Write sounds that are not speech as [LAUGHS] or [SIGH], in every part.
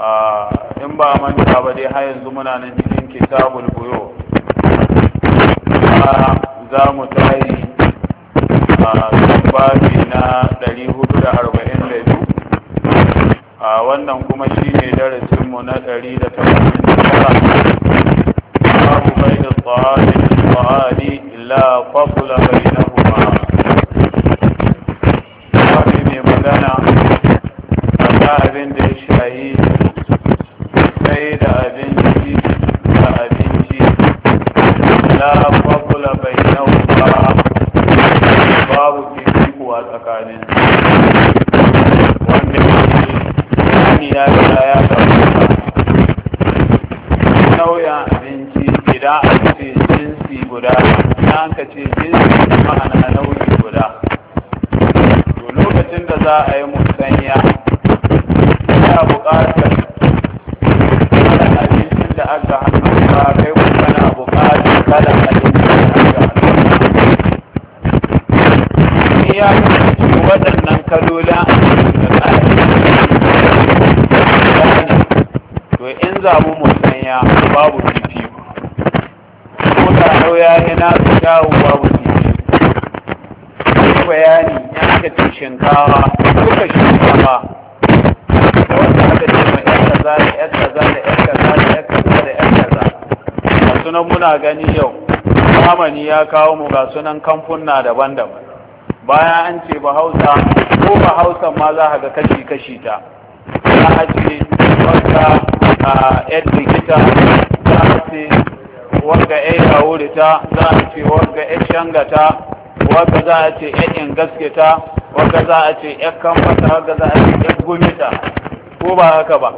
Ah, in ba manta ba dai har yanzu muna nan cikin kitabul buyo ah, za mu tayi a ah, babi kawo mu ga sunan kamfuna daban-daban bayan an ce Hausa. ko ba Hausa ma za a ga kashi-kashi ta za a ce wanda a yan likita za a ce wanda yan yawurita za a ce wanda yan shangata wanda za a ce yan ta, wanda za a ce yan kamfata wanda za a ce yan gumita ko ba haka ba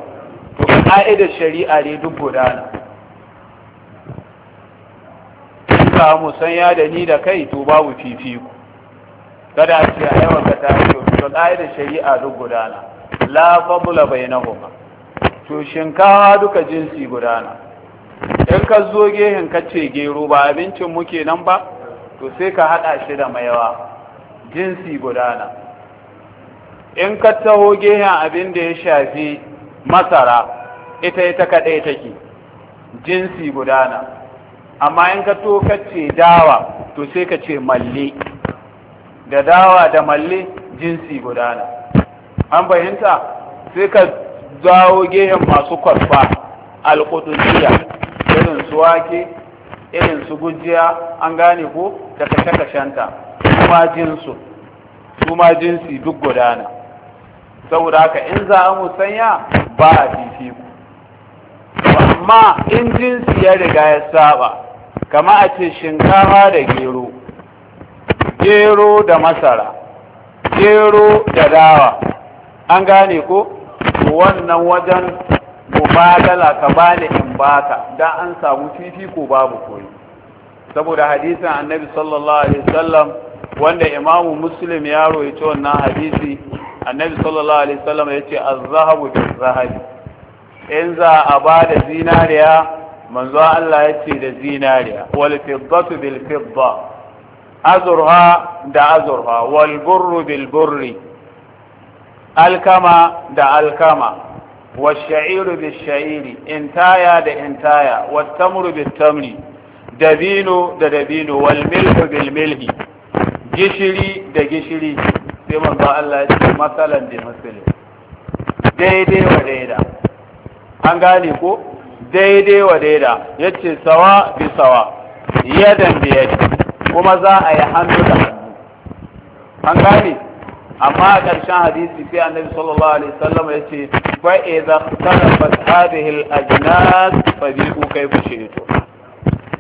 to ka'idar shari'a ne duk gudana san ya da ni da kai to babu fifiku. kada ce ayi yawan ta yi to da shari'a duk gudana la fadla bainahuma to shinkawa duka jinsi gudana in ka zo gehen ka ce gero ba abincin muke nan ba to sai ka hada shi da mayawa jinsi gudana in ka taho gehen abin da ya shafi masara ita ita kadai take jinsi gudana amma in ka to ka ce dawa to sai ka ce malle da dawa da malle jinsi gudana an fahimta sai ka zawo gehen masu kwarfa alƙudusiya irin su wake irin su gujiya an gane ko da kashe-kashenta kuma jinsu kuma jinsi duk gudana saboda haka in za a musanya ba a fifiku amma in jinsi ya riga ya saba kama a ce shinkafa da gero gero da masara gero da dawa an gane ko wannan wajen mubadala ka bani in baka dan an samu fifiko babu koyi saboda hadisin annabi sallallahu alaihi wasallam wanda imamu muslim ya rawaito wannan hadisi annabi sallallahu alaihi wasallam ya ce az-zahabu bil-zahabi in za a bada zinariya manzo Allah ya ce da zinariya wal fiddatu bil fidda azurha da azurha wal burru bil burri alkama da alkama والشعير بالشعير انتايا ده انتايا dabino بالتمر دبينو ده دبينو والملح بالملح sai manzo Allah ya ce masalan da masalan daidai wa an gane ko daidai wa daida ya ce sawa bi sawa yadan bi yadi kuma za a yi hannu da hannu an gane amma a ƙarshen hadisi sai annabi sallallahu alaihi wasallam ya ce fa idza ikhtalafat hadhihi al-ajnas fa kai kayfa shi'tu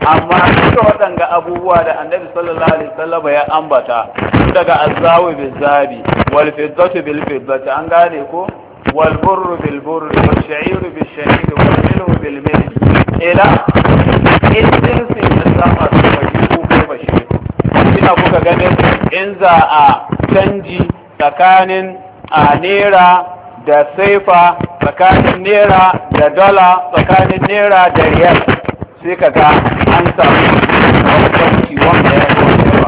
amma duka waɗanga abubuwa da annabi sallallahu alaihi wasallam ya ambata daga azawi zabi wal fiddatu bil fiddati an gane ko والبر بالبر والشعير بالشعير والملح بالملح إلى الجنس الزفر وجهه بشير ina kuka ganin in za a canji tsakanin a naira da saifa tsakanin naira da dala tsakanin naira da riyal sai ka ga an samu bambanci wanda ya yi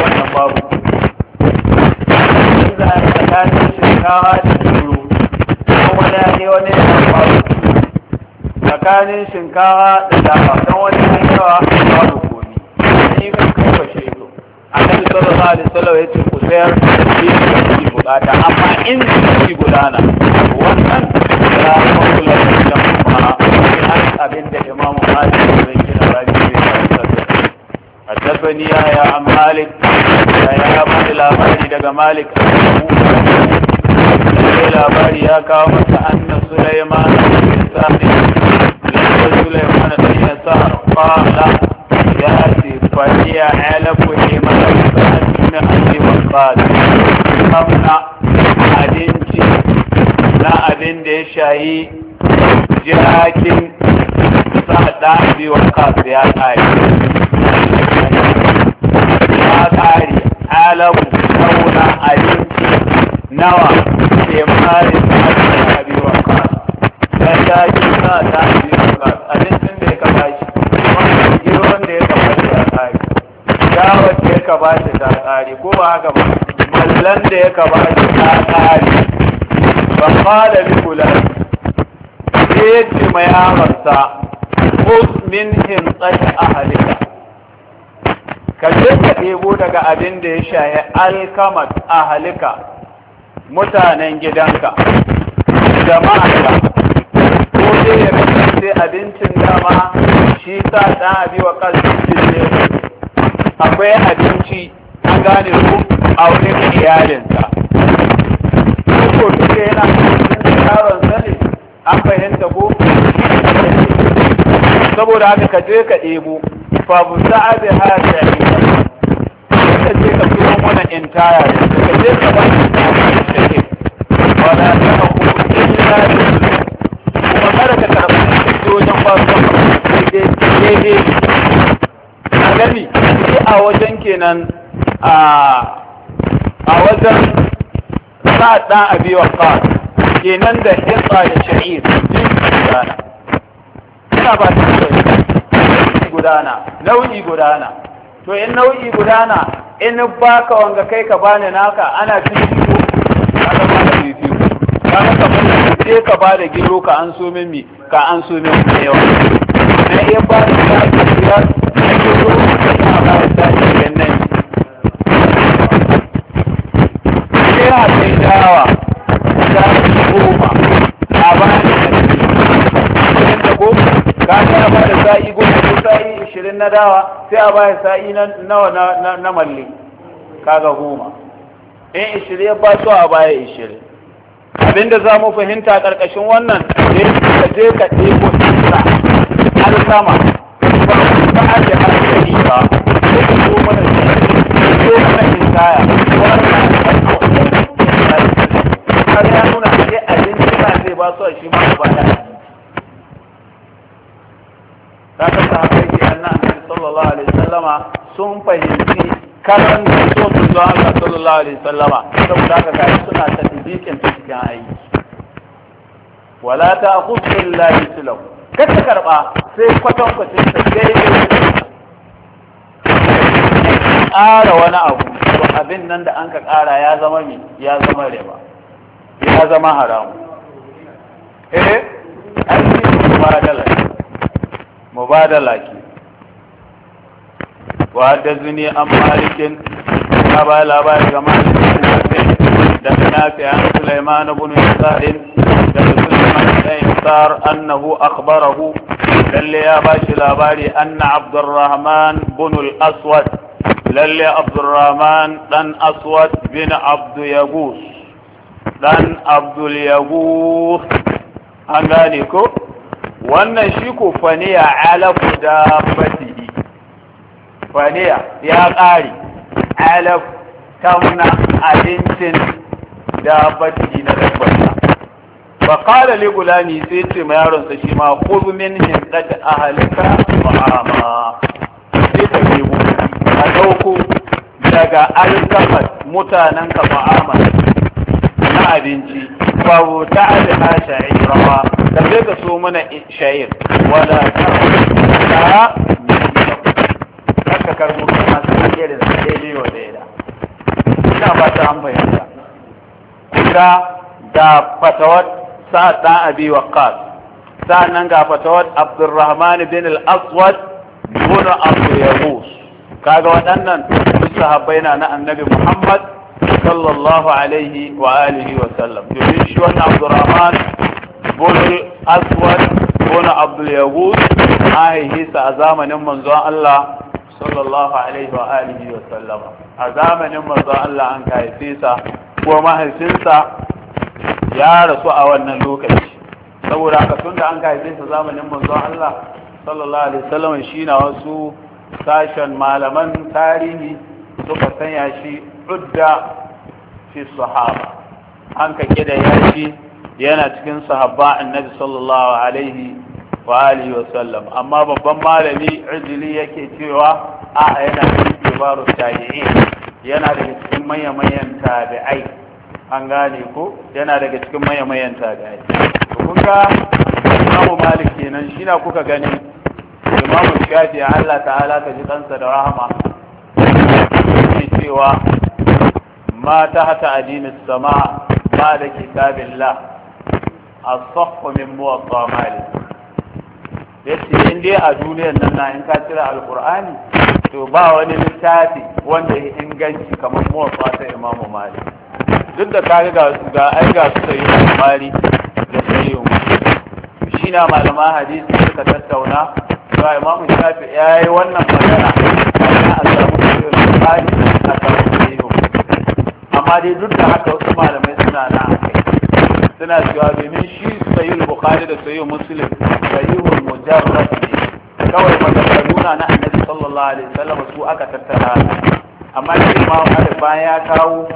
wannan babu in za a tsakanin shinkawa da dawa don wani mai yawa babu komi yi kan kai fashe ito annabi sallallahu da tsoron ya ce ku sayar shi ne shi bukata amma in shi gudana wannan ya kula da jama'a abin da imam malik zai kira rabi حدثني يا عم مالك يا ابو الامر دغ مالك sai labari ya kawo masa anna Sulaiman sami lalle Sulaiman sai ya sa qala ya ce fa hiya alafu himala sa'atina alima qala kamna abinci na abin da ya shayi jakin sa ɗabi wa kasu ya ƙari ya ƙari alamu sauna abin nawa da ya fara da abi wa ka ya ta ji sa ta ji ka abincin da ya ka bashi girman da ya ka shi ta tsari dawar da ya ka bashi ta tsari ko ba haka ba mallan da ya ka bashi ta tsari ba da bi kula ya ce mai amarsa min himtsar ahalika ka je ka ɗebo daga abin da ya shaye alkamat halika. mutanen gidanka jama'arka ko dai ya kasance abincin dama shi sa ɗan abi wa kalcin ne akwai abinci an gane ku a wani iyalinsa ko duka yana cikin yaron sani an fahimta ko saboda haka ka je ka ɗebo fa bu sa'a bi yi ka je ka siyo mana entire yanzu ka je ka ba ni cikin wala ta haku illa kuma kada ka karɓi cikin wajen ba su ke ke a gani sai a wajen kenan a a wajen sa ɗan abi wa fa kenan da ba da sha'ir gudana ina ba ta gudana nau'i gudana to in nau'i gudana in baka wanga kai ka bani naka ana fifiko ana bada fifiko ka kamar da ce ka bada gero ka an so min mi ka an so min na yawa na iya ba da ya ka ya so ka ba da shi nan sai ke sai ya ke goma kaga ya bada sa'i goma ko sa'i ishirin na dawa sai a baya sa'i na nawa na na malle kaga goma in ishirin ya ba su a baya ishirin abinda za mu fahimta karkashin wannan ne ka je ka ɗebo ɗinsa har sama ba ba a da hankali ba sai ka zo mana zo mana hinkaya wannan har ya nuna sai abinci na zai ba su a shi ba. sun fahimci karan da so su zo da sallallahu alaihi sallama saboda haka kai suna ta dikin ta cikin aiki wala ta khudh billahi sulam kada karba sai kwatan kwatan ta daidai ƙara wani abu to abin nan da an ka ƙara ya zama mi ya zama riba ya zama haramu eh an yi mubadala mubadala ke وحدثني عن مالك أبا الأبا جمال دم نافع عن سليمان بن يسار دم سليمان بن يسار أنه أخبره للي يا باشي الأباري أن عبد الرحمن بن الأسود للي عبد الرحمن بن أسود بن عبد يغوث بن عبد اليغوث an gane ko wannan shi ko faniya alafu da fatihi faniya ya ƙari alaf tamna abincin da na dabbarsa ba ƙara li ne sai ce ma yaron sa shi ma khudh min ba a fa'ama sai ka nemo a dauko daga alkamar mutanen ka fa'ama na abinci ta ajiye alha sha'ira ka zai ka so mana sha'ir wala ta haka ga fatawar sa'ad dan abi waqqas sa'annan ga fatawar abdurrahman bin al bin yahus kaga waɗannan duk na annabi muhammad sallallahu alaihi wa alihi wa sallam domin shi wannan abdurrahman yahus a zamanin manzon Allah sallallahu alaihi wa alihi wa sallama a zamanin manzon Allah an kai ko mahaifinsa ya rasu a wannan lokaci saboda haka tun da an haife sa zamanin manzon Allah sallallahu alaihi wasallam shi na wasu sashen malaman tarihi suka sanya shi udda fi sahaba an ka kida ya shi yana cikin sahabba annabi sallallahu alaihi wa alihi amma babban malami ijili yake cewa a yana cikin kibaru tabi'in yana daga cikin manya-manyan tabi'ai an gane ko yana daga cikin manya-manyan tabi'ai kun ga imamu malik kenan shi na kuka gani imamu shafi Allah ta'ala ka ji kansa da rahama ne cewa ma ta hata adinin sama ba da kitabillah as-sahhu min muwatta malik yace in a duniyar nan na in ka al alqur'ani to ba wani littafi wanda ya inganci kamar muwafa ta imamu malik duk da kaga ga ga ai ga su sai bukhari da sai to shi na malama hadisi suka tattauna to imamu shafi yayi wannan magana A ana a samu bukhari a samu sai amma dai duk da haka wasu malamai suna na suna cewa domin shi sahihul bukhari da sahihul muslim sahihul mujarrad kawai magana nuna na sallallahu alaihi wasallam su aka tattara amma shi ma wani bayan ya kawo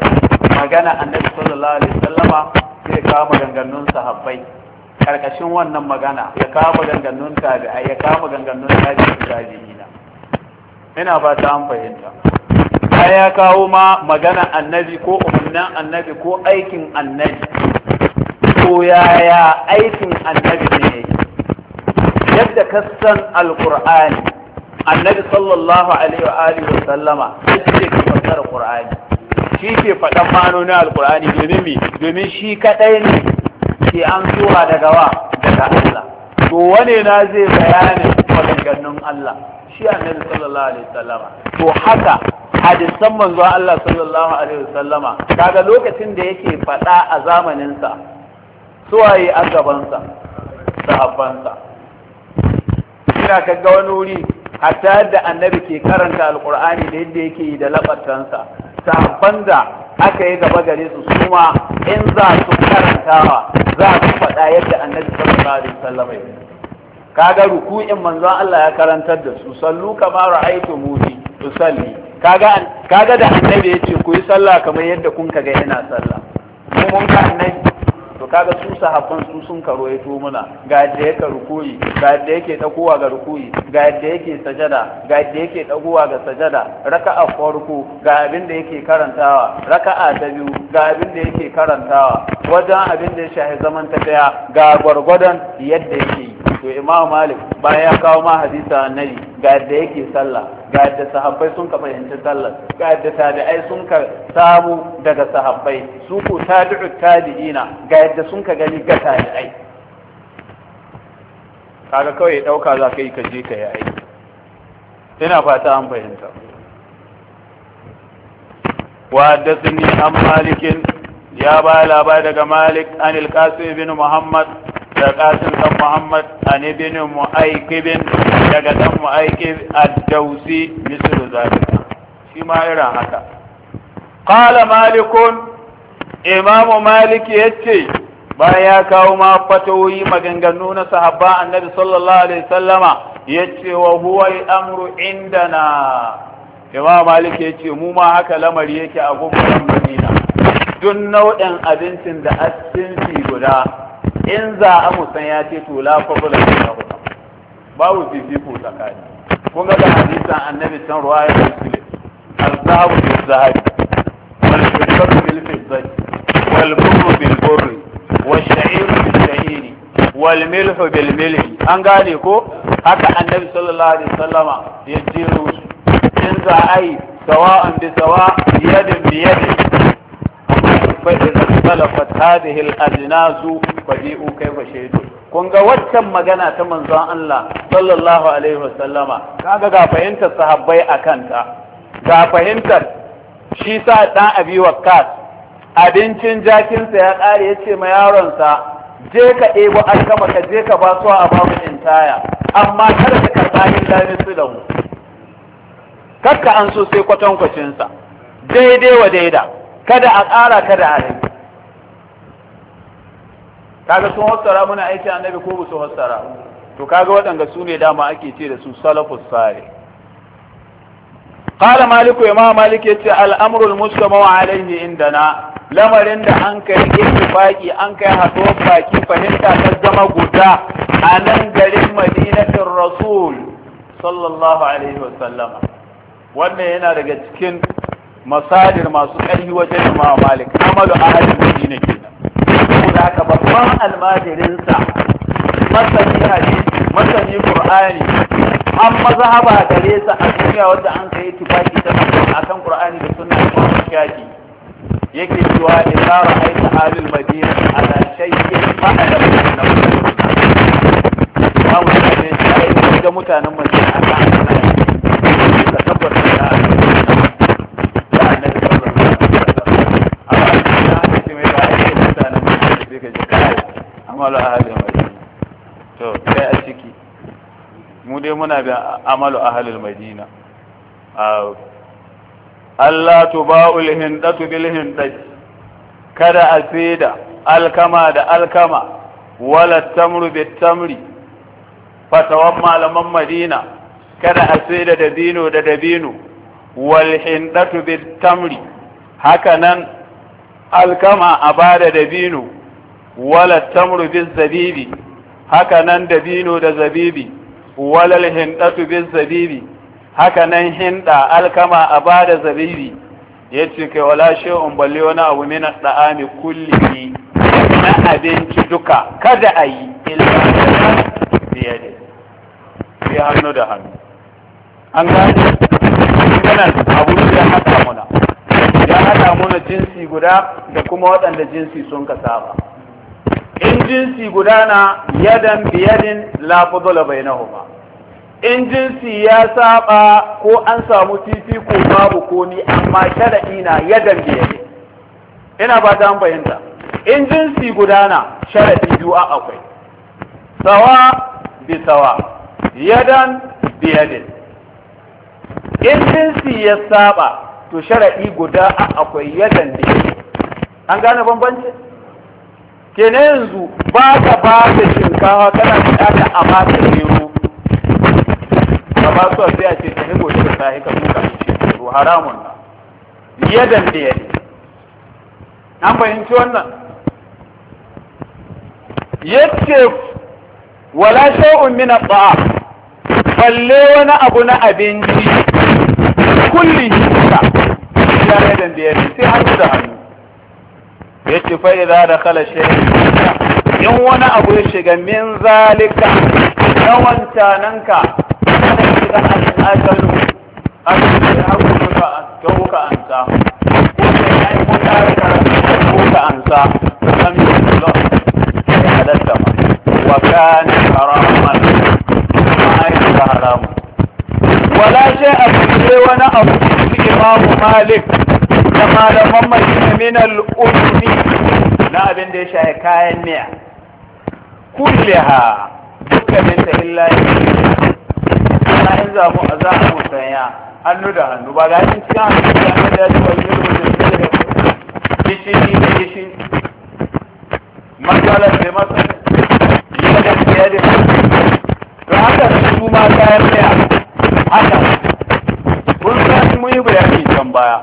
magana annabi sallallahu alaihi wasallam sai kawo maganganun sahabbai karkashin wannan magana ya kawo maganganun ai ya kawo maganganun tabi'ina ina ba ta an fahimta ya kawo ma magana annabi ko umarnin annabi ko aikin annabi ko yaya aikin annabi ne yadda ka san alkur'ani annabi sallallahu alaihi wa alihi wa sallama shi fassara qur'ani shi ke faɗan ma'anonin alqur'ani domin me domin shi kadai ne ke an zuwa daga wa daga Allah to wane na zai bayanin maganganun Allah shi annabi sallallahu alaihi wa sallama to haka hadisan manzo Allah sallallahu alaihi wa sallama kaga lokacin da yake faɗa a zamanin sa suwaye a gaban sa sahabban sa ina kaga wani wuri hatta yadda annabi ke karanta alkur'ani da yadda yake yi da labartansa sabon da aka yi gaba gare su su ma in za su karantawa za su faɗa yadda annabi sallallahu alaihi wasallam ya kaga ruku'in manzon Allah ya karantar da su sallu kama ra'aytu muni usalli kaga kaga da annabi yace ku yi sallah kamar yadda kun ga yana sallah mun annabi kaga su sahabban su sun karo ya muna ga yadda yake rukuyi ga yadda yake dagowa ga rukuyi ga yadda yake sajada ga yadda yake dagowa ga sajada raka'a farko ga abin da yake karantawa raka'a ta biyu ga abin da yake karantawa wajen abin da ya shahi zaman ta daya ga gwargwadon yadda yake yi to imam malik bayan ya kawo ma hadisa annabi ga yadda yake sallah ga yadda sahabbai sun ka fahimci sallah ga yadda tabi'ai sun ka samu daga sahabbai su ku tabi'u tabi'ina ga yadda sun ka gani ga tabi'ai kaga kawai dauka za ka yi ka je ka yi aiki ina fata an fahimta Wa وحدثني an malikin. ya ba labar daga malik an ilkasu bin muhammad da kasin dan muhammad an ibn mu'aykibin daga dan mu'aykib ad-dawsi mislu zalika shi ma irin haka qala malikun imam malik yace bayan ya kawo ma fatawoyi maganganu na sahabba annabi sallallahu alaihi wasallama yace wa huwa al-amru indana imam malik ya ce mu ma haka lamari yake a gungun madina duk nau'in abincin da fi guda in za a musan ya ce to la fabula ya babu fifiko tsakani kun ga hadisan annabi san ruwaya sule al-zahabu bil-zahabi wal-fiddatu bil-fiddati wal-burru bil-burri wash-sha'iru bil-sha'iri wal-milhu bil-milhi an gane ko haka annabi sallallahu alaihi wasallama ya jero su za a yi an bi sawa yadin bi yadin hadhihi al fadi'u kayfa shaydu kun ga waccan magana ta manzon Allah sallallahu alaihi wasallama kaga ga fahimtar sahabbai akan ta ga fahimtar shi sa dan abi wakkas abincin jakinsa ya kare yace ma yaron sa je ka ebo alkama ka je ka ba a babu intaya amma kada ka karɓa illa mu kakka an so sai kwatankwacinsa daidai wa daida kada a ƙara kada a yi. kaga sun hassara muna aiki annabi ko ba su hassara to kaga waɗanda su ne dama ake ce da su salafus sare qala malik imam malik yace al-amru al-mustama alayhi indana lamarin da an kai ittifaqi an kai hato baki fahimta ta zama guda a nan garin madinatul rasul sallallahu alaihi wa sallama wannan yana daga cikin masadir masu ƙarfi wajen imam malik amalu shi ne ke da haka babban almajirinsa masani hadisi masani qur'ani an mazhaba gare sa a duniya wanda an kai tufaki ta akan qur'ani da sunna imam shafi yake cewa idza ra'aita ahlul madina ala shay'in fa'ala min da mutanen madina akan muna bi amalu ahlul madina Allah tuba'ul hindatu bil hindati kada a saida alkama da alkama wala tamru bit tamri fatawan malaman madina kada a da dabino da dabino wal hindatu bit tamri haka nan alkama a bada dabino wala tamru bit zabibi haka nan dabino da zabibi walal hindatu bin zabibi haka nan hinda alkama a ba da zabibi ya ce ke wala shi'un balle wani abu min da'ami kulli na abinci duka kada a yi illa biya hannu da hannu an gani ganin abu da ya hada muna ya haɗa muna jinsi guda da kuma waɗanda jinsi sun ka saba in jinsi gudana yadan biyadin la fadala bainahuma in jinsi ya saba ko an samu titi ko babu ko ni amma shar'i na yadan biyadin ina ba ta bayanta in jinsi gudana sharadi biyu a akwai sawa bi sawa yadan biyadin in jinsi ya saba to sharadi guda a akwai yadan biyadin an gane bambanci kenan yanzu ba ka ba da shinkawa kana buƙatar a ba ta gero ba ba su sai a ce ta higo shi ta hika duka shi to haramun na dande da ne, an fahimci wannan yace wala sha'un min at-ta'am balle wani abu na abinci kulli shi ka ya dande da ne, sai hannu da hannu ya ce idza dakhala kala in wani abu ya shiga min zalika na wancananka ana shiga al'adalu an yi haku ka wuka an sa wanda ya yi wuta da wuka an sa yi zuwa ya halatta ma wa kana haraman ma yi haramun wala shi a wani abu su imamu malik da mamaki madina min na abin da ya shahi kayan miya ha, dukkanin ta illa ya in yin zamu a za a musanya hannu da hannu ba da cikin hannu da hannu da ya ci wani yau da ya gishiri da gishiri matsalar da matsalar yi da ya da to haka su ma kayan miya haka kun san mun yi bayani can baya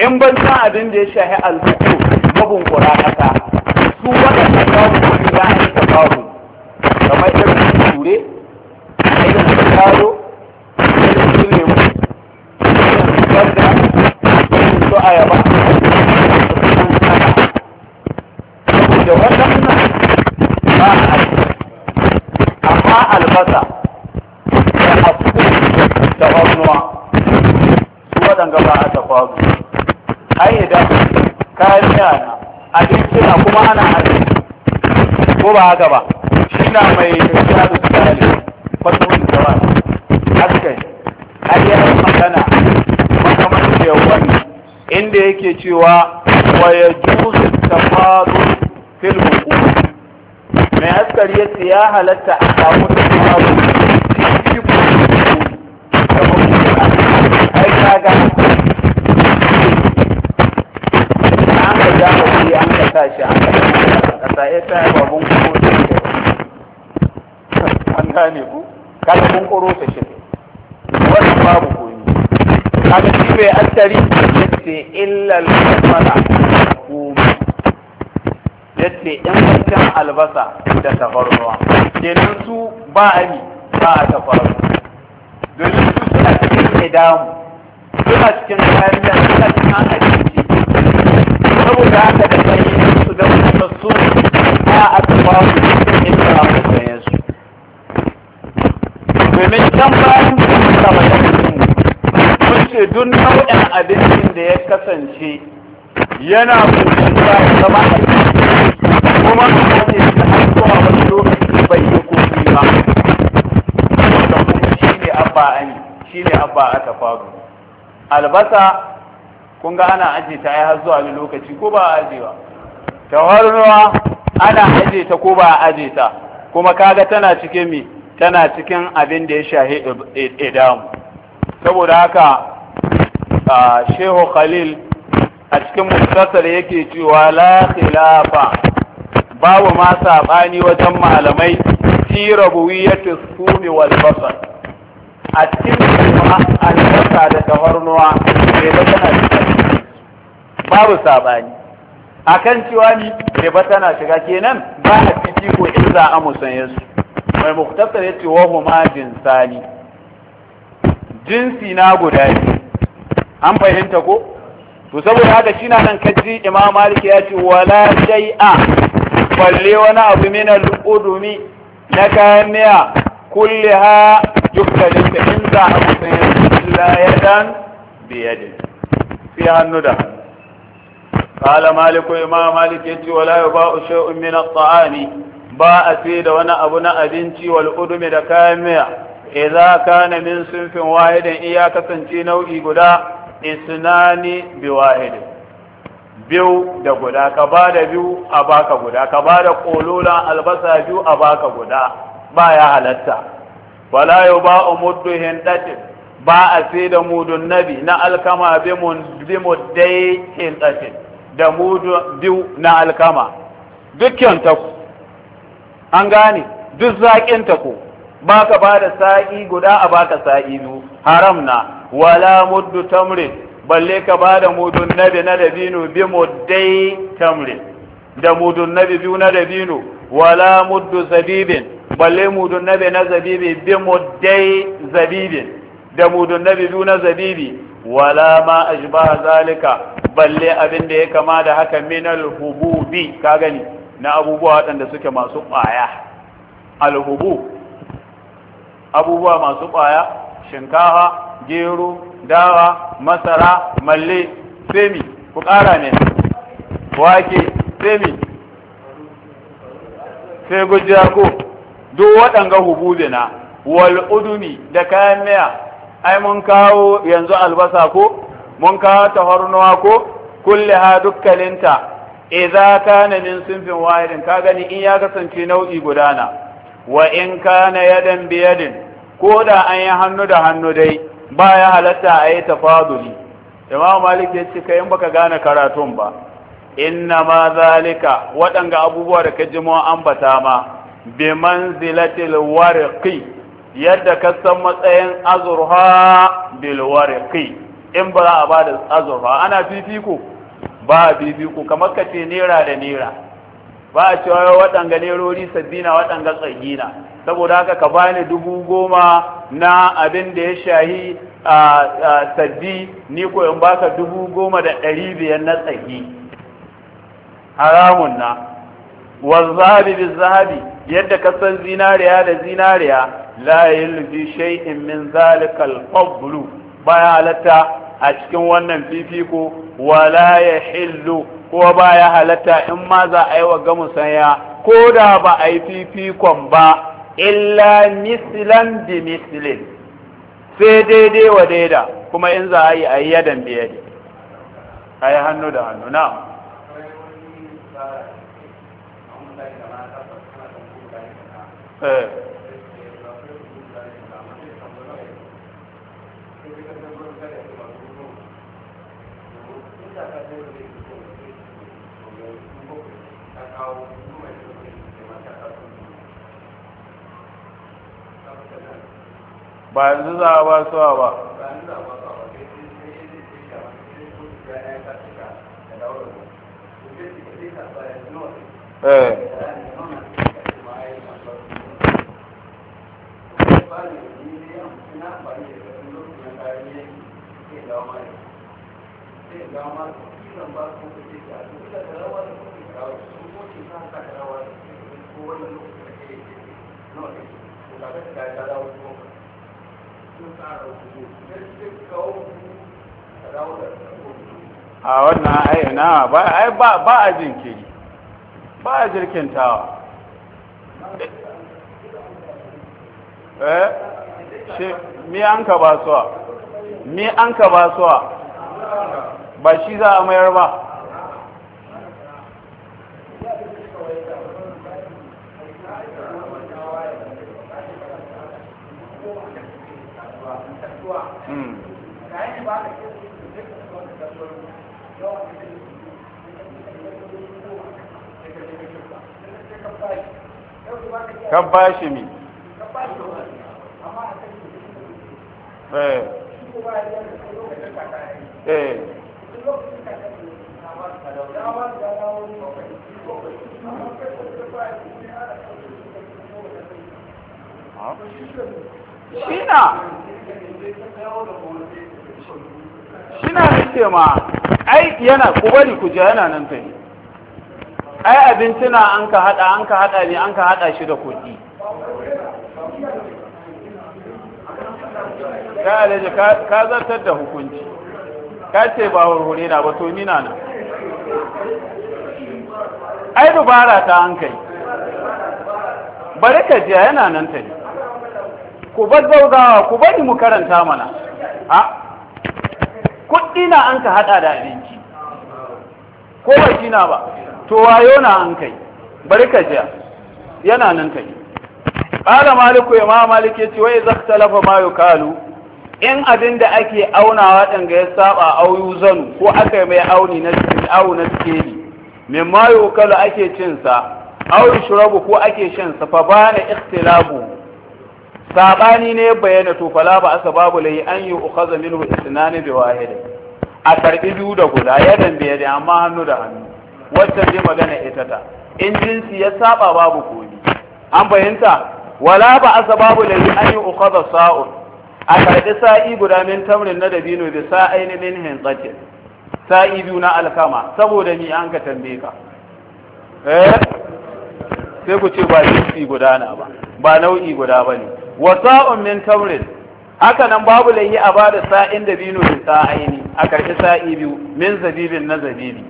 in ban san abin da ya shahi alhuku mabun kura kasa su waɗanda babu wani za a yi ta babu kamar irin su ture a su karo irin su lemu irin su gwanda irin su ayaba da wannan ba a amma albasa da abu da hannuwa su waɗanda ba a tafazu kira na kuma ana abin ko ba haka ba shi na mai kira da tsari fasahun jawar haka har yana magana makamanci wani inda yake cewa wa ya juzu faru fil mai haskar ya ya halatta a samu tafaru cikin hukumi da hukumi ai ta shi a ƙasa ya sa yawa eh, mun koro ta shi an gane ku Kada mun koro ta shi wannan babu koyi kaga shi bai asari yace illal masala kuma yace yan wancan albasa da tafarnuwa kenan su ba a ami ba a tafarnuwa domin su suna cikin idamu suna cikin kayan suna cikin abinci saboda haka da kai su ga wata su a atuwa su ne da ya su domin can bayan da su kama da sun ce duk nau'in abincin da ya kasance yana kusurta zama a kuma su ne da an kuma wani lokaci bai yi kofi ba kuma shi ne abba an shi ne abba aka faru albasa kun ga ana aje ta ya har zuwa wani lokaci ko ba a tawarnuwa ana aje ta ko ba a aje ta kuma kaga tana cikin mi tana cikin abin da ya shahi idamu saboda haka shehu khalil a cikin mustasar yake cewa la khilafa babu ma sabani wajen malamai fi rabuwiyatis sumi wal basar a cikin kuma da tafarnuwa ba tana shiga babu sabani akan cewa ni ba tana shiga kenan ba a ciki ko in za a musanye su mai muktasar yace wa huma jinsani jinsi na guda biyu an fahimta ko to saboda haka shi na nan kaji imam malik ya ce wala shay'a balle wani abu min al-udumi na kayan miya كلها جبت ta in za a musayin illa yadan biyadin قال مالك إمام مالك يتي ولا يباع شيء من الطعام باء سيد وانا أبنا أبنتي والأدم دكامي إذا كان من سنف واحد إياك سنتينو إيقدا إسنان بواحد biyu da guda ka ba da biyu a baka guda ka ba da ƙolola albasa biyu a baka guda ba ya halatta wala yau ba umuddu hindatin ba a sai da mudun nabi na alkama bi muddai hindatin da mudu biyu na alkama dukkan ta an gane duk zaƙin ta ku ba ka ba da sa'i guda a baka sa'i biyu haram na wala muddu tamrin balle ka ba da mudun nabi na dabino bi muddai tamrin da mudun nabi biyu na dabino wala muddu zabibin balle mudun nabe na zabibi bi dai zabibi, da mudun nabe biyu na zabibi wala ma ajba zalika balle abin da ya kama da haka al hububi ka gani na abubuwa wadanda suke masu al alhubu abubuwa masu ƙwaya shinkafa gero dawa masara malle semi ku ƙara ne wake semi sai gujja ko duk waɗanga hububina wal uduni da kayan miya ai mun kawo yanzu albasa ko mun kawo tafarnuwa ko kulle ha dukkaninta idza kana min sunfin wahidin ka gani in ya kasance nau'i gudana wa in kana yadan yadin ko da an yi hannu da hannu dai ba ya halatta a yi tafaduli imam malik ya ce kai in baka gane karatun ba inna ma zalika waɗanga abubuwa da ka ji mu ambata ma bi manzilatil warqi yadda ka san matsayin azurha bil warqi in ba a ba da ana fifiko ba fifiko kamar ka ce nera da nera, ba a cewa waɗanga nerori sabbina waɗanga tsagina saboda haka ka bani dubu goma na abin da ya shahi a saddi ni ko in baka dubu goma da ɗari biyar na tsagi haramun na والذهب بالذهب يد كسر زيناريا لزيناريا لا يلفي شيء من ذلك الفضل baya halatta a cikin wannan fifiko wala ya hillu ko baya halatta in ma za a yi wa gamusanya ko da ba a yi fifikon ba illa mislan bi mislin sai daidai wa daida kuma in za a yi a yi biyadi a yi hannu da hannu na. ba yanzu za a ba suwa ba ba eh. amfani da ne amfani da lokacin kayan yanki ne da ba su kuma ta su da rawa da kuma su ta rawa da ko wannan lokacin da ke yi ko ka ta ta ko sun tsara ne kawo dawo da a wannan aina ba a jinkiri ba a jirkintawa eh shi me an ka ba suwa me an ka ba suwa ba shi za a mayar ba hmm. kan bashi mi Eh. Eh. shina shina nake ma ai yana ku bari ku je yana nan tafi ai abinci na an ka hada an ka hada ne an ka hada shi da kudi Ka alaji ka zartar da hukunci ka ce ba hurhure na ba to mina na ai dubara ta hankali bari ka jiya yana nan ta ne ku bar zaugawa ku bari mu karanta mana ha kuɗi na an ka haɗa da abinci ko ba shi na ba to wayo na an kai bari ka jiya yana nan ta ne ƙala maliku ya ma maliki ya ce wai zakta lafa ma kalu. in abin da ake auna waɗanda ya saba auyu zanu ko aka mai auni na awu na sikeli min ma kala ake cin sa aw yushrabu ko ake shan sa fa bana ikhtilabu sabani ne bayyana to fala ba asa babu lai an yi ukhadha minhu isnani bi wahid a karbi biyu da guda dan biya da amma hannu da hannu wannan dai magana ita ta in jinsi ya saba babu koli. an bayyanta wala ba asa babu lai an yi ukhadha sa'un a karɓi sa'i guda min tamrin na dabino bi sa'aini min hintsatin sa'i biyu na alkama saboda ni an ka tambaye ka eh sai ku ce ba jinsi guda na ba ba nau'i guda ba ne wa sa'un min tamrin haka nan babu layi a bada sa'in dabino bi ne a karɓi sa'i biyu min zabibin na zabibi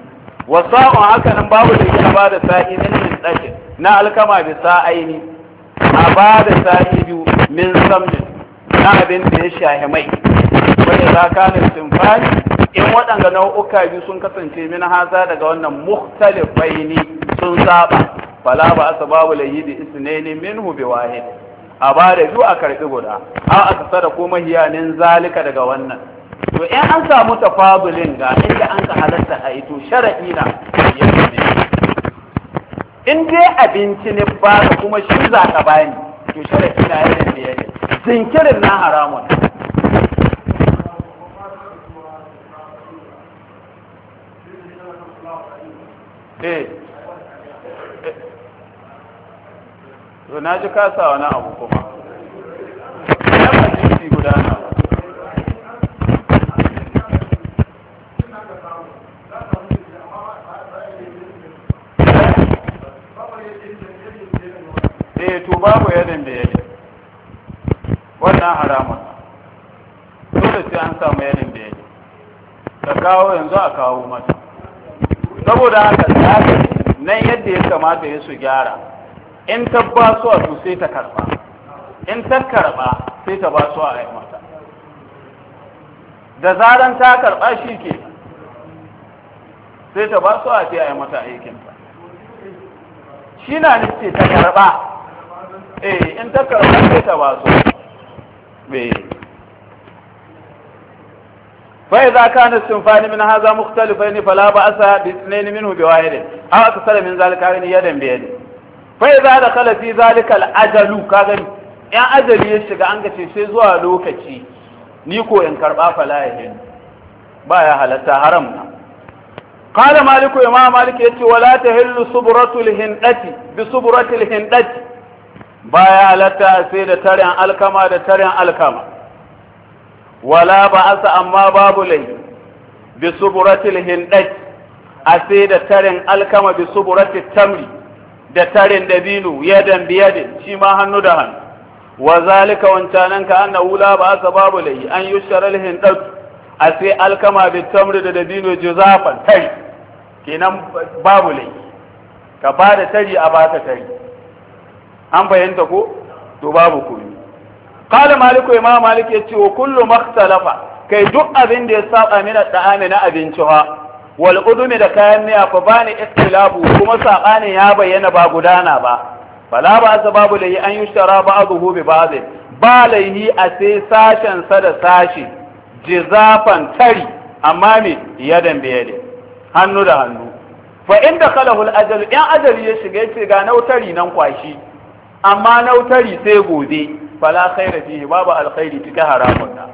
wa sa'un haka nan babu layi a bada sa'i min hintsatin na alkama bi ne a bada sa'i biyu min samnin na abin da ya shahi mai wani za ka simfani in waɗanda nau'uka biyu sun kasance min haza daga wannan mukhtalifai ne sun saba fala ba asa babu layi da isnaini minhu bi wahid a ba da biyu a karbi guda a kasa ko kuma hiyanin zalika daga wannan to in an samu tafadulin ga inda an ka halatta a ito shar'i na in dai abinci ne ba kuma shi za ka bani to sharafi na yanin da zinkirin na haramun eh, eh. na ji kasa wani abu kuma jinsi eh, babu ya kawo yanzu a kawo mata saboda haka tsari nan yadda ya kamata ya su gyara in ta ba su a sai ta karba in ta karba sai ta ba su a yi mata da zaran ta karba shi ke sai ta ba su a ce a yi mata aikinta shi na nufi ta karba eh in ta karba sai ta ba su eh فإذا كان الصنفان من هذا مختلفين فلا بأس باثنين منه بواحد أو أكثر من ذلك يعني يدا بيد فإذا دخل في ذلك الأجل كذا يا أجل يشجع أنك تشي زوا لوكتي نيكو إن كربا فلا يهن بايا هلتا حرمنا قال مالك إمام مالك يتي ولا تهل صبرة الهندة بصبرة الهندة بايا هلتا سيدة تريان الكما دا تريان الكما wala ba'asa amma babu laifi bi suburatil hindai a sai da tarin alkama bi suburatil tamri da tarin dabino yadan biyadin shi ma hannu da hannu wa zalika wancanan ka wula la ba'asa babu laifi an yusharal hindai a sai alkama bi tamri da dabino juzafan tari kenan babu laifi ka ba da tari a baka tari an fahimta ko to babu kuma kala maliku imam malik ce wa kullu makhtalafa kai duk abin da ya saba mina da'ami na abinci ha wal udumi da kayan miya fa bani ikhtilabu kuma sabani ya bayyana ba gudana ba fala ba babu da yi an yushtara ba'dhu bi ba'd ba laihi a sai sashen sa da sashi jizafan tari amma me yadan biyade hannu da hannu fa inda al ajal in ajali ya shiga yace ga nautari nan kwashi amma nautari sai gobe fala khaira fihi babu alkhairi cikin haramun na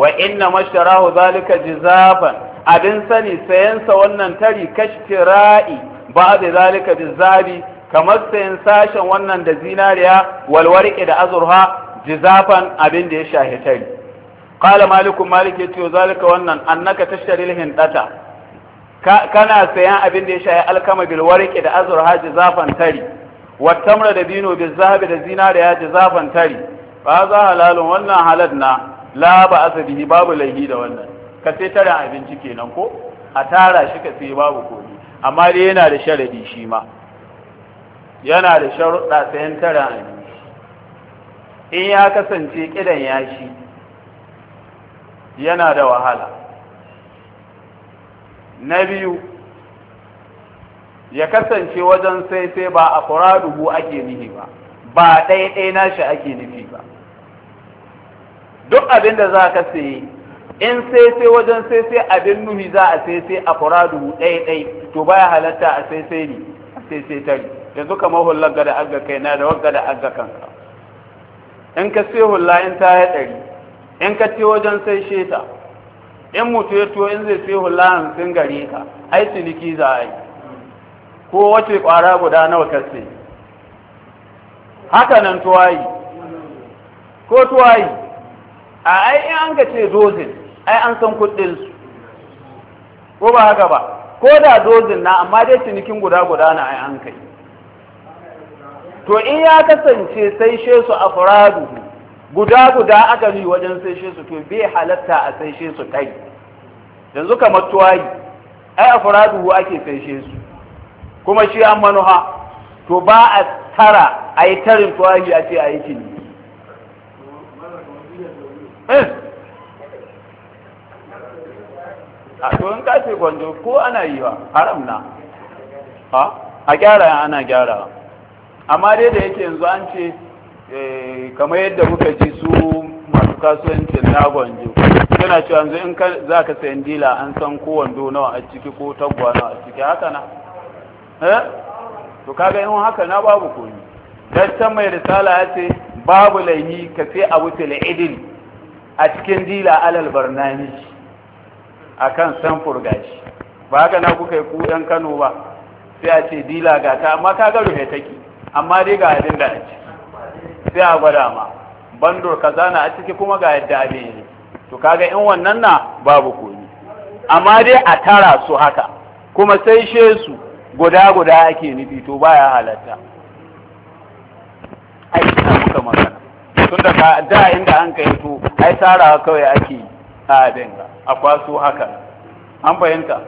wa inna mashtarahu zalika jizaban abin sani sayansa wannan tari kashtira'i ba'd zalika jizabi kamar sayan sashen wannan da zinariya walwarqi da azurha jizafan abin da ya shahe tari qala malikum malik yace zalika wannan annaka tashtari hindata kana sayan abin da ya shahi alkama bilwarqi da azurha jizafan tari wattamra da bino bi zahabi da zinariya jazafan tari ba za halalun wannan halal na la ba asabihi babu laihi da wannan ka sai tara abinci kenan ko a tara shi ka sai babu komi amma dai yana da sharadi shi ma yana da sharuɗa sayan tara abinci in ya kasance kidan yashi yana da wahala na biyu ya kasance wajen sai sai ba a furaduhu ake nihi ba ba ɗaiɗai nashi ake nufi ba duk abin da za ka sayi in sai sai wajen sai sai abin nuhi za a sai sai a furaduhu ɗaiɗai to baya halatta a sai sai ne a sai sai tari yanzu kamar hullar gada agga kai na da wagga da agga kanka in ka sai hulla in ta ya ɗari in ka ce wajen sai sheta in mutu ya to in zai sai hulla hamsin gare ka ai ciniki za a yi ko wace ƙwara guda nawa kasse haka nan tuwayi ko tuwayi a ai in an ga ce dozin ai an san kuɗinsu ko ba haka ba ko da dozin na amma dai cinikin guda guda na ai an kai to in ya kasance sai shesu a furadu guda guda aka yi wajen sai su to bai halatta a sai su kai yanzu kamar tuwayi ai a furadu ake sai su kuma shi an manuha to ba a tara a yi tarin tuwahi a ce a yi kini eh. a to in ka ce ko ana yi wa haram na a gyara ana gyara amma dai da yake yanzu an ce eh, kamar yadda muka ji su masu kasuwanci na gwanjo yana cewa yanzu in za ka sayan dila an san ko wando nawa a ciki ko tagwa nawa a ciki haka na Eh? to kaga in haka na babu Dan dattan mai risala ya ce babu laihi ka sai abu tilidin a cikin dila alal a akan samfur gashi ba haka na kuka yi ku Kano ba sai a ce dila ga ta amma kaga rufe take amma dai ga abin da ake sai a gwada ma bandor kaza na a ciki kuma ga yadda abin yi to kaga in wannan na babu koyi. amma dai a tara su haka kuma sai she su guda guda ake nufi to baya halatta ai ina muka magana tun da ka da inda an kai to ai tsara kawai ake a abin a kwaso haka an fahimta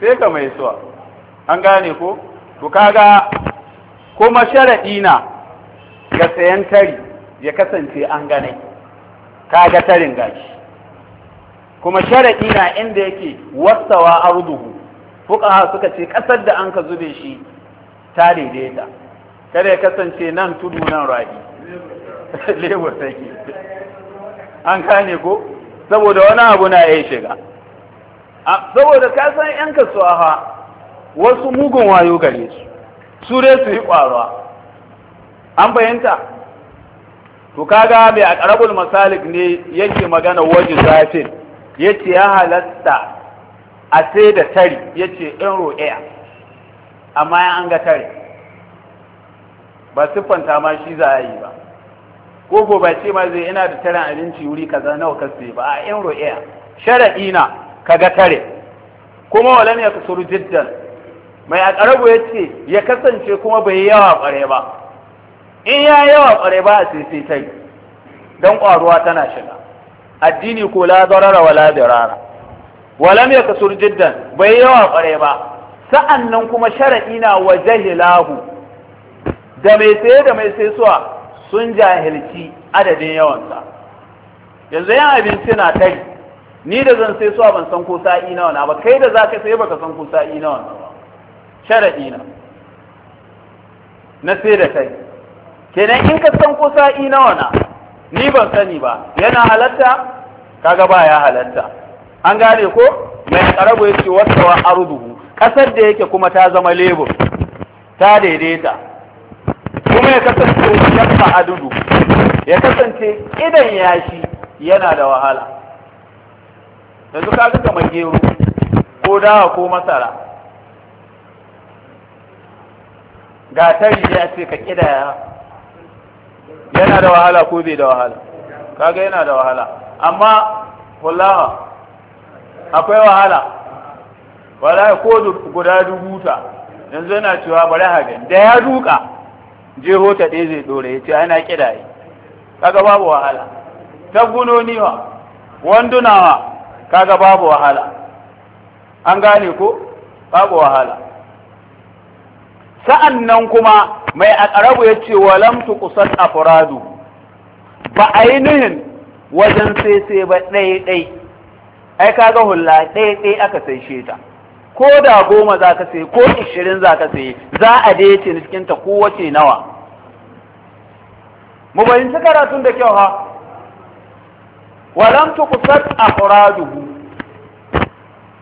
sai ka mai suwa an gane ko to kaga kuma sharaɗi na ga sayan tari ya kasance an gane kaga ga tarin shi kuma sharadi na inda yake wasawa arduhu fuqaha suka ce kasar da an ka zube shi ta daidaita kada ya kasance nan tudu nan rafi [LAUGHS] lebur take an kane ko saboda wani abu na yayi shiga saboda ka san yan kasuwa ha, wasu mugun wayo gare su su dai su yi kwaruwa an fahimta to kaga mai ƙarabul masalik ne yake magana waje zafin yake ya halatta a sai da tari yake in ro'aya amma ya an ga tari ba siffanta ma shi za a yi ba ko ko ba ce ma zai ina da tarin abinci wuri kaza nawa ka sai ba a in ro'aya sharadi na ga tare kuma walam ya kusuru jiddan mai a ƙarabu ya kasance kuma bai yawa ƙware ba in ya yawa ƙware ba a sai sai don ƙwaruwa tana shiga addini ko la zarara wala dirara walam ya kasur jiddan bai yawa ƙware ba nan kuma shara'i na wa jahilahu da mai saye da mai sai suwa sun jahilci adadin yawansa yanzu yan abinci na tai, ni da zan sai suwa ban san ko sa'i nawa na ba kai da za ka sai baka san ko sa'i nawa na ba shara'i na na sai da kai kenan in ka san ko sa'i nawa na ni ban sani ba yana halatta kaga ba ya halatta an gane ko mai karabu yake wasawa arduhu kasar da yake kuma ta zama lebur ta daidaita kuma ya kasance shafa adudu ya kasance idan yashi yana da wahala yanzu kaga kamar gero ko dawa ko masara ga tari ya ce ka kidaya yana da wahala ko bai da wahala kaga yana da wahala amma wallaha akwai wahala wallahi ko guda dubu ta yanzu yana cewa bari hagan da ya duka jeho ta ɗaya zai dore ya ce ana kidaye kaga babu wahala tagunoni wa wandunawa kaga babu wahala an gane ko babu wahala sa'an nan kuma mai akarabu ya ce walam tu kusan afuradu ba a yi wajen sai sai ba ɗaya ɗai ai kaga hulla ɗaya ɗai aka sai sheta ko da goma za ka sai ko ishirin za ka sai za a dace na ko wace nawa mu bayyanta karatun da kyau ha walam tu kusan afuradu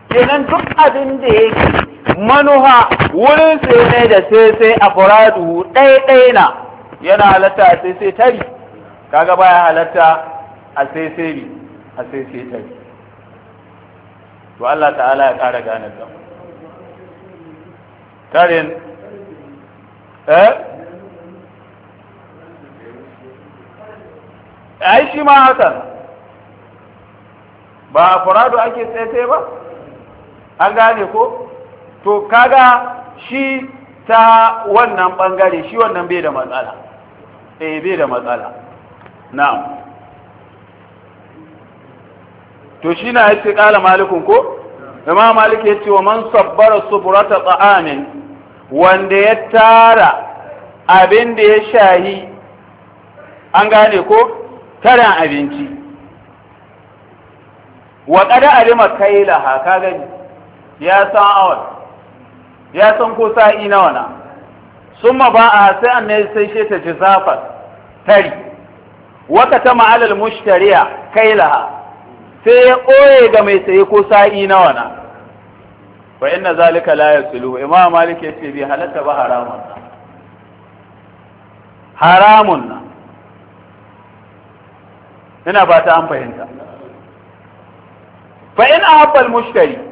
kenan duk abin da yake manuha wurin sai ne da sai sai a furadu ɗaiɗai na yana halatta a sai sai tari kaga baya halatta a sai sai a sai sai tari to Allah ta'ala ya ƙara gane ta tarin eh ai shi ma haka ba a furadu ake sai sai ba an gane ko to kaga shi ta wannan bangare shi wannan bai da matsala eh bai da matsala na'am to shi na yace kala malikun ko amma malik yace wa man sabbara subrata ta'amin wanda ya tara abin da ya shahi an gane ko taran abinci wa qada alima kailaha ka gani ya san awal ya san ko sa'i nawa na summa ba'a sai annabi sai shi ta jizafar tari waka ta ma'alal mushtariya laha. sai ya koye ga mai saye ko sa'i nawa na fa inna zalika la yasilu imam malik ce bi halatta ba haramun na haramun na ina ba ta an fahimta fa in ahabba mushtari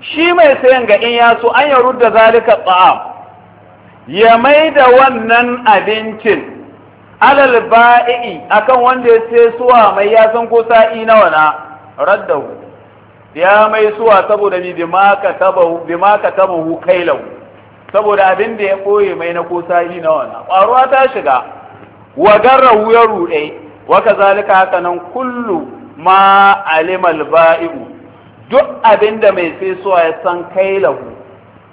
shi mai sayan ga in ya an ya rudda zalika ta'am ya mai da wannan abincin alal ba'i akan wanda ya sai suwa mai yasan ko sa'i nawa na raddahu ya mai suwa saboda ni bima ka tabahu bima ka tabahu kailahu saboda abin da ya koye mai na ko sa'i nawa na ƙwaruwa ta shiga wa garrahu ya rude wa kazalika haka nan kullu ma alimal ba'i duk abin da mai fesuwa ya san kai lahu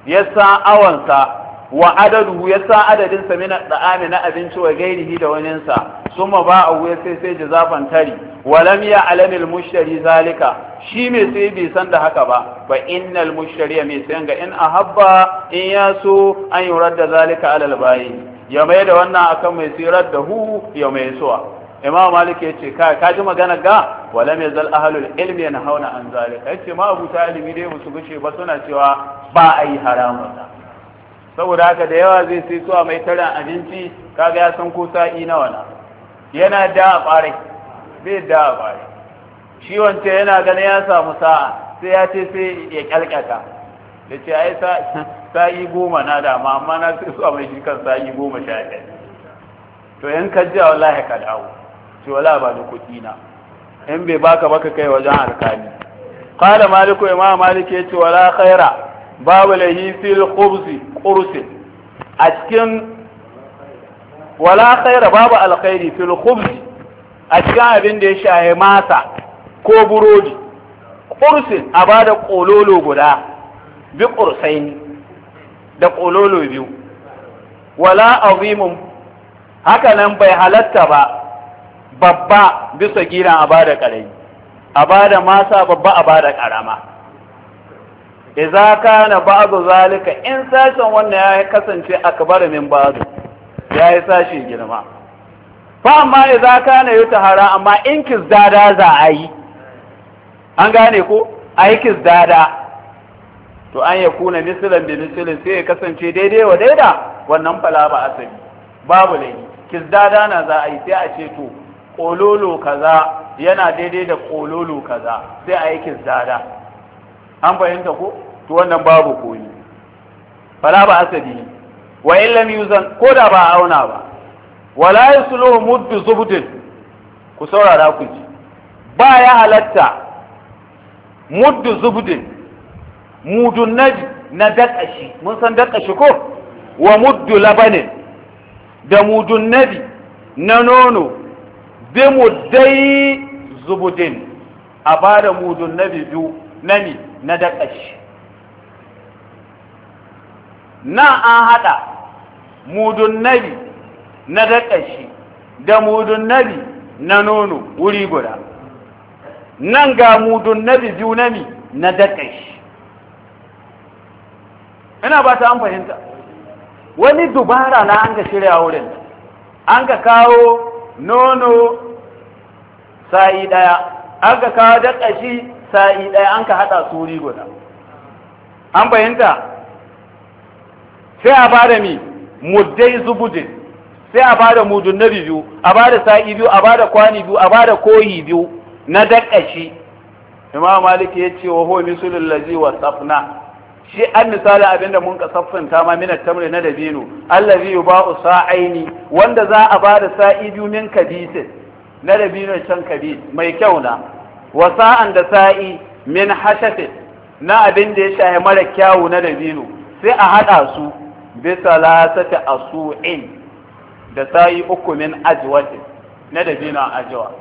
ya san awansa wa adadu ya san adadinsa min da'ami na abinci wa gairihi da waninsa suma ba a wuya sai sai jazafan tari wa lam ya alamil mushtari zalika shi mai sai bai san da haka ba ba innal mushtari mai sayan ga in ahabba in ya so an yurar da zalika alal bayi ya mai da wannan akan mai sirar da hu ya mai suwa imam malik ya ce kai ka ji magana ga wala mai zal ahlul ilmi hauna an zalika ce ma abu ta dai musu gushe ba suna cewa ba ai haramun saboda haka da yawa zai sai suwa mai tarin abinci kaga ya san ko sa'i nawa na yana da a bare bai da a bare shi wance yana ganin ya samu sa'a sai ya ce sai ya kyalkata da ce ai sa'i goma na dama amma na sai suwa mai shi kan sa'i goma sha ɗaya to yan kajiya wallahi ka dawo ce wala ba da kuɗi na in bai baka baka kai wajen alkali qala maliku imam malik ya ce wala khaira babu lahi fil khubzi qursi a cikin wala khaira babu alkhairi fil khubzi a cikin abin da ya shahe masa ko burodi qursi a bada kololo guda bi qursaini da kololo biyu wala azimun haka nan bai halatta ba babba bisa gina a bada ƙarai, a bada masa babba a bada ƙarama idza kana ba'du zalika in sashen wannan ya kasance kabar min ba ya yi sashen girma Ba amma yi ta hara, amma in dada za a yi an gane ko kis dada. to an ya kuna misilan da misilin sai ya kasance daidai wa daida wannan fala ba asali babu laifi dada na za a yi sai a ce to Ƙololo kaza yana daidai da ƙololo kaza sai a yake zada an fahimta ko to wannan babu koyi fala ba asabi wa illam yuzan ko da ba auna ba wala yasluhu muddu zubdin ku saurara ku ji ba ya halatta muddu zubdin mudun naji na dakashi mun san dakashi ko wa muddu labanin da mudun nabi na nono bi dai zubudin a ba da mudun na biyu na ni na daƙashi na an haɗa mudun nabi na daƙashi da mudun nabi na nono wuri guda nan ga mudun nabi biyu na mi na daƙashi ina ba ta an fahimta wani dubara na an ga shirya wurin an ka kawo nono sa'i ɗaya ka kawo da ƙashi sa'i ɗaya an ka haɗa suri guda an fahimta sai a ba da mi muddai zubudin sai a ba da mudun na biyu a ba da sa'i biyu a ba da kwani biyu a ba da koyi biyu na daƙashi imam malik ya ce wa huwa misulul lazi wa safna shi an misali abinda mun ka saffanta ma minat tamri na dabino allazi yuba'u sa'aini wanda za a ba da sa'i biyu min kabisin na dabino can kabi mai kyau na wa sa'an da sa'i min hashafe na abin da ya shahi mara kyawu na dabino sai a haɗa su bisa lasata a su'in da sa'i uku min ajwatin na dabino ajwa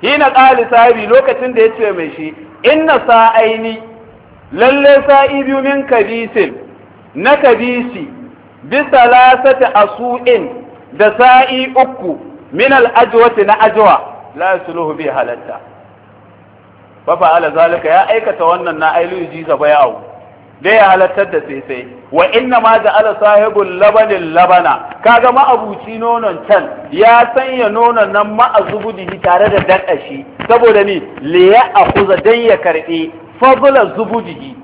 hina ƙali sahibi lokacin da ya ce mai shi inna sa'aini lalle sa'i biyu min kabisin na kabisi bisa lasata a su'in da sa'i uku min al'ajwati na ajwa la yasluhu bi halatta fa fa'ala zalika ya aikata wannan na ailu yujiza bayau da ya halartar da sai sai wa inna ma ja'ala sahibul labanil labana kaga ma'abuci nonon can ya sanya nonon nan ma'azubudihi tare da dadashi saboda ni li ya akuza dan ya karbi fadla zubudihi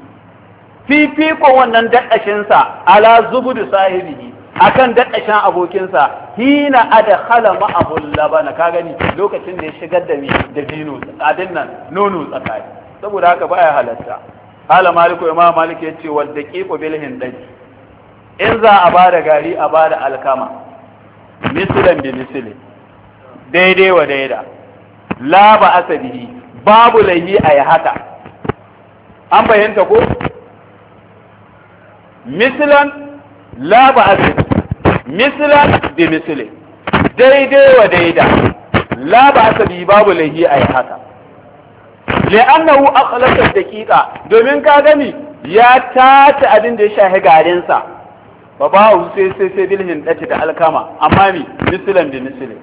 fifikon wannan dadashin sa ala zubudu sahibihi akan daɗa shan abokinsa hina adkhala ma'abul labana ka gani lokacin da ya shigar da mi da dino tsadin nan nono tsakani saboda haka baya halatta hala maliku ma malik yace wal daqiqu bil hindaj in za a bada gari a bada alkama misilan bi misili daidai wa daida la ba asabihi babu lahi ayi haka an fahimta ko misilan la ba asabihi mislan da misli daidai wa daida la ba bi babu lahi ai haka li'annahu aqlasa daqiqa domin ka gani ya tace abin da ya shahi garin sa ba ba sai sai sai bilhin hindati da alkama amma mi mislan bi misli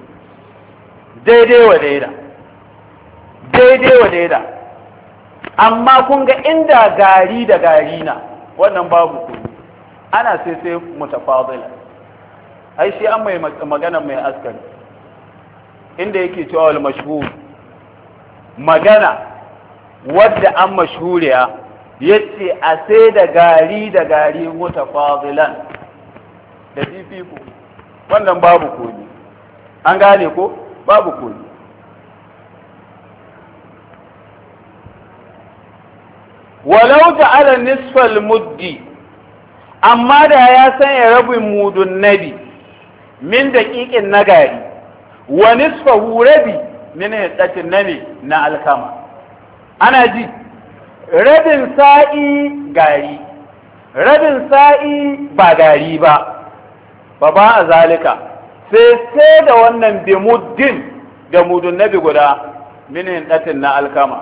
daidai wa daida daidai wa daida amma kun ga inda gari da gari na wannan babu ku ana sai sai mutafadila ai shi an mai magana mai askari inda yake cewa wal mashhur magana wadda an mashhuriya yace a sai da gari da gari mutafadilan da fifiko wannan babu komi an gane ko babu komi walau ta ala nisfal muddi amma da ya sanya rabin mudun nabi min daƙiƙin na gari wa nisfahu rabi min hiddatin na na alkama ana ji rabin sa'i gari rabin sa'i ba gari ba ba ba a zalika sai sai da wannan muddin, da mudun nabi guda min hiddatin na alkama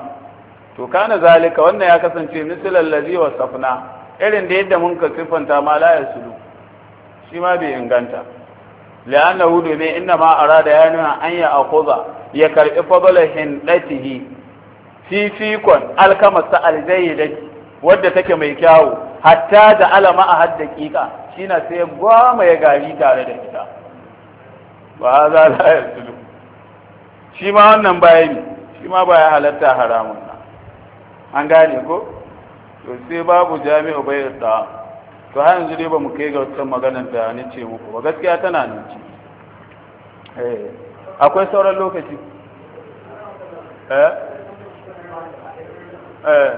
to kana zalika wannan ya kasance misalan lazi wa irin da yadda mun ka siffanta ma la yasulu shi ma bai inganta li'annahu domin inna ma arada ya nuna an ya akuza ya karbi fadlan hindatihi fifikon alkamasa aljayyidati wadda take mai kyawu hatta da alama a had daqiqa shina sai goma ya gari tare da ita ba za la yasulu shi ma wannan bayani shi ma baya halatta haramun an gane ko to sai babu jami'u bai da to har yanzu dai ba mu kai ga wata maganar da ni ce muku ba gaskiya tana ni ce eh, akwai sauran lokaci eh eh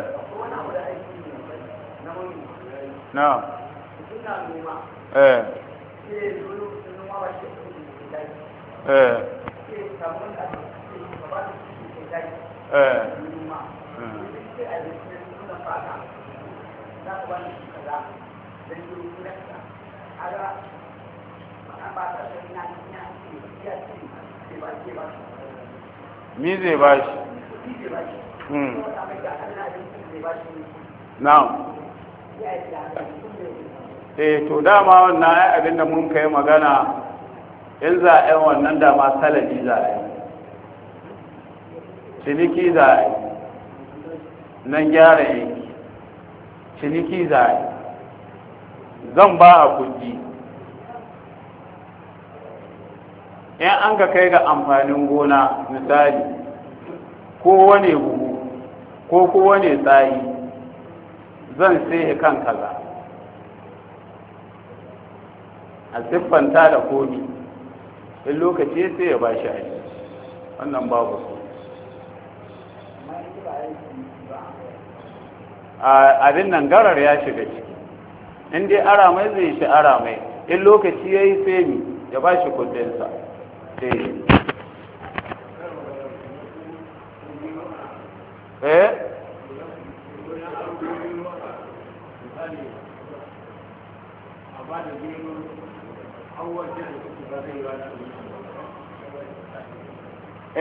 na eh eh eh eh mi zai ba shi hmm. na'am eh to dama wannan ai abin mun kai magana in za a yi wannan dama salami za a yi ciniki za a yi nan gyara yanki ciniki za a yi zan ba a kuɗi in an ka kai ga amfanin gona misali ko wane buhu ko ko wane tsayi zan sai kan kaza a siffanta da komi in lokaci sai ya ba shi aiki wannan babu su abin nan garar ya shiga ciki in dai ara mai zai shi ara mai in lokaci ya yi sai mi ya ba shi kudinsa eh eh,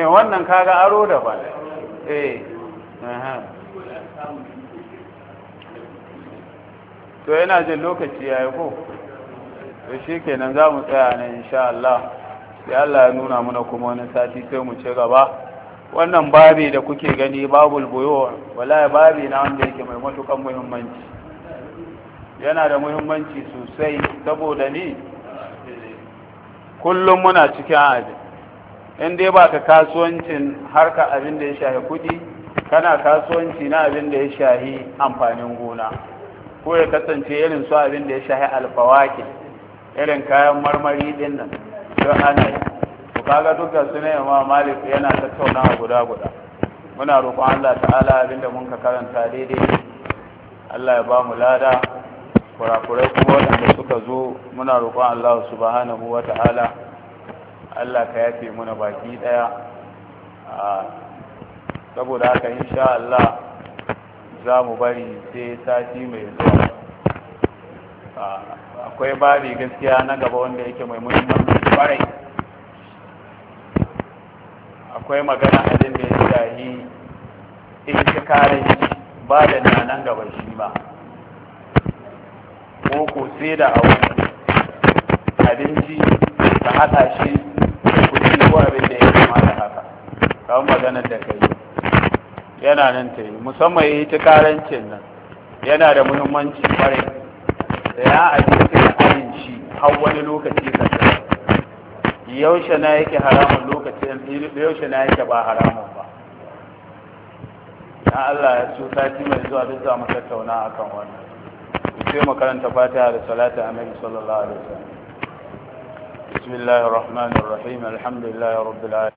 eh wannan kaga aro da ba eh to yana jin lokaci ya yi ko to kenan za mu tsaya nan insha Allah sai Allah ya nuna muna kuma wani sati sai mu ci gaba wannan babi da kuke gani babul buyo wallahi babi na wanda yake mai matukan muhimmanci yana da muhimmanci sosai saboda ni kullum muna cikin abin in dai baka kasuwancin harka abin da ya shahi kudi kana kasuwanci na abin da ya shahi amfanin gona ko ya kasance irin su abin da ya shahi alfawaki irin kayan marmari din nan don ana yi ku kaga duka su ne malik yana tattaunawa guda guda muna roƙon Allah ta'ala abin da mun ka karanta daidai Allah ya ba mu lada kurakurai kuma waɗanda suka zo muna roƙon Allah subhanahu wa ta'ala Allah ka yafe muna baki ɗaya saboda haka insha Allah za mu bari sai sati mai zuwa akwai babi gaskiya na gaba wanda yake mai muhimmanci kwarai akwai magana abin da ya shahi intikarin ba da nan gaba shi ba ko ko sai da abu abinci ka haɗa shi kuɗi ko abin da ya kamata haka kawai maganar da ka yi yana nan ta yi musamman yi ta karancin nan yana da muhimmanci kwarai da ya ajiye sai shi har wani lokaci kasa yaushe na yake haramun lokaci da, yaushe na yake ba haramun ba na Allah ya so sati mai zuwa duk za mu tattauna akan wannan sai mu karanta fatiha da salatu annabi sallallahu alaihi wasallam بسم الله الرحمن الرحيم الحمد لله